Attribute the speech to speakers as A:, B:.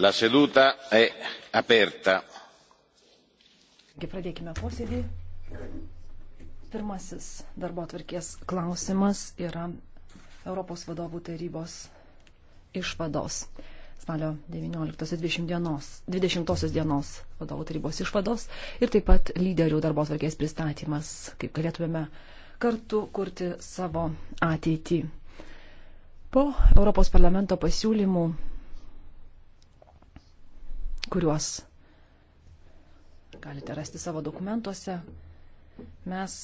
A: La seduta è aperta.
B: Pradėkime posėdį. Pirmasis darbo atvarkės klausimas yra Europos vadovų tarybos išvados. Spalio 19-20 dienos, 20 dienos vadovų tarybos išvados ir taip pat lyderių darbo atvarkės pristatymas, kaip galėtumėme kartu kurti savo ateitį. Po Europos parlamento pasiūlymų kuriuos
C: galite rasti savo dokumentuose. Mes